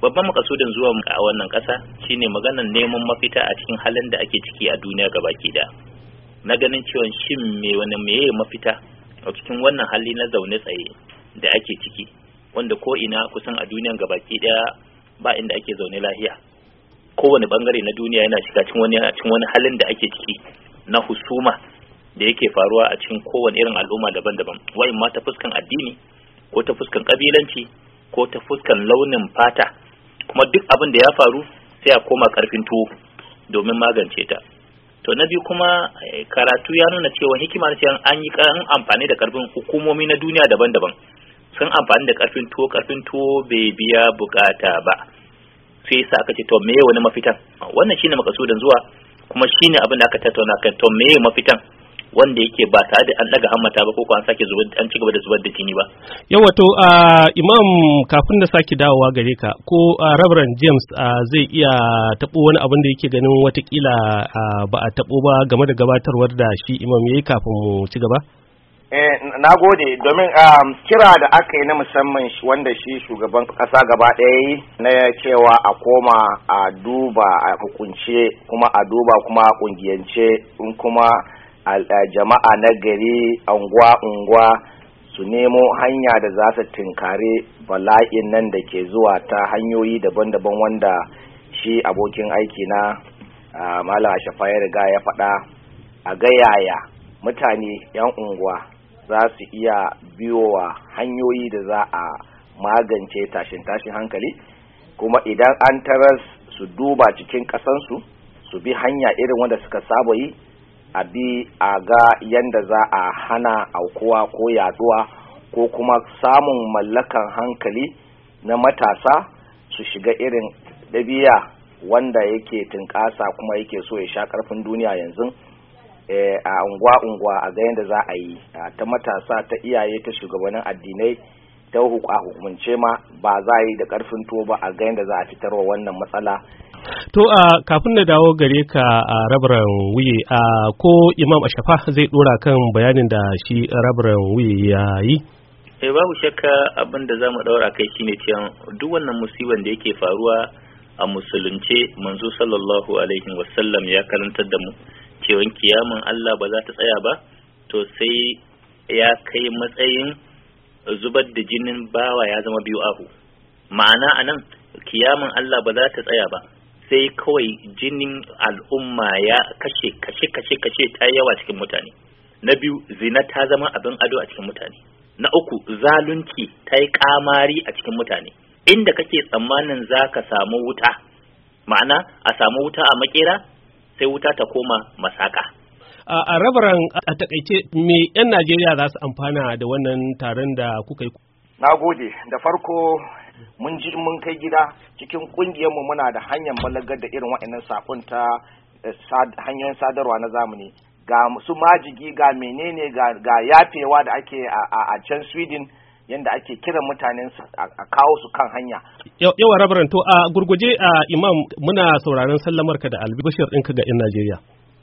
babban makasudin zuwa a wannan ƙasa shine maganan neman mafita a cikin halin da ake ciki a duniya gabaki da na ganin cewa shin me wani meye mafita a cikin wannan hali na zaune tsaye da ake ciki wanda ko ina kusan a duniyan gabaki daya ba inda ake zaune lahiya kowane bangare na duniya yana shiga cikin wani cikin wani halin da ake ciki na husuma da yake faruwa a cikin kowane irin al'umma daban-daban wa'in ma ta fuskan addini ko ta fuskan kabilanci ko ta fuskan launin fata kuma duk abin da ya faru sai a koma karfin tuwo domin magance ta to na biyu kuma eh, karatu ya nuna cewa hikimar cewa an yi kan amfani da karfin hukumomi na duniya daban-daban sun amfani da karfin tuwo karfin tuwo bai biya bukata ba sai sa aka ce to meye wani mafitan wannan shine makasudin zuwa kuma shine abin da aka tattauna kan to meye mafitan wanda yake ba tare da an daga hammata ba ko an sake an ci gaba da zubar da jini ba yawa to imam kafin da sake dawowa gare ka ko Reverend James zai iya tabo wani abin da yake ganin watakila ba a tabo ba game da gabatarwar da shi imam yayi kafin mu ci gaba eh, na gode domin kira da aka yi na musamman wanda shi shugaban kasa gaba ɗaya yi na cewa a koma a duba a hukunce kuma a duba kuma a kungiyance kuma Eh, jama'a na gari unguwa unguwa su nemo hanya da za su tinkare bala'in nan da ke zuwa ta hanyoyi daban-daban wanda shi abokin aiki na malam shafa riga ya faɗa a gayaya mutane 'yan unguwa za su iya biyowa hanyoyi da za a magance tashin-tashin hankali kuma idan an taras su duba cikin ƙasansu su bi hanya irin wanda suka saba yi a bi a ga yadda za a hana aukuwa ko yaduwa ko kuma samun mallakan hankali na matasa su shiga irin ɗabi'a wanda yake tunƙasa kuma yake so ya sha ƙarfin duniya yanzu eh, a unguwa-unguwa a ga yadda za a yi ta matasa ta iyaye ta shugabannin addinai ta hukumance ma ba za a yi da ƙarfin tuwo ba a ga yadda za a fitarwa wannan matsala To a kafin na dawo gare ka a rabaran wuye a ko Imam Ashafa zai dora kan bayanin da shi rabaran wuye ya yi. Eh babu shakka abinda da zamu daura kai shine cewa duk wannan musiban da yake faruwa a musulunce manzo sallallahu alaihi wasallam ya karantar da mu cewa kiyaman Allah ba za ta tsaya ba to sai ya kai matsayin zubar da jinin bawa ya zama biyu ahu, ma'ana anan kiyaman Allah ba za ta tsaya ba sai kawai jinin al'umma ya kashe kashe kashe kashe ta yawa cikin mutane na biyu zina ta zama abin ado a cikin mutane na uku zalunci ta yi kamari a cikin mutane inda kake tsammanin za ka samu wuta ma'ana a samu wuta a makera sai wuta ta koma masaka a rabaran a takaice me 'yan najeriya za su amfana da wannan taron da kuka yi na gode da farko mun ji mun kai gida cikin kungiyar mu muna da hanyar balagar da irin wa'annan sakon ta eh, hanyoyin sadarwa na zamani ga su majigi ga menene ga yafewa da ake a can sweden yadda ake kiran mutanen su a kawo su kan hanya. Yawa rabaran to a gurguje a imam muna sauraron sallamar ka da albishir ɗinka ga 'yan Najeriya.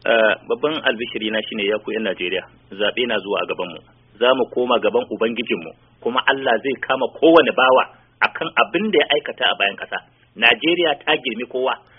Eh, babban albishiri na shine ya ku 'yan Najeriya zaɓe na zuwa a gabanmu. Za mu koma gaban Ubangijinmu kuma Allah zai kama kowane bawa akan abin da ya aikata a bayan ƙasa najeriya ta girmi kowa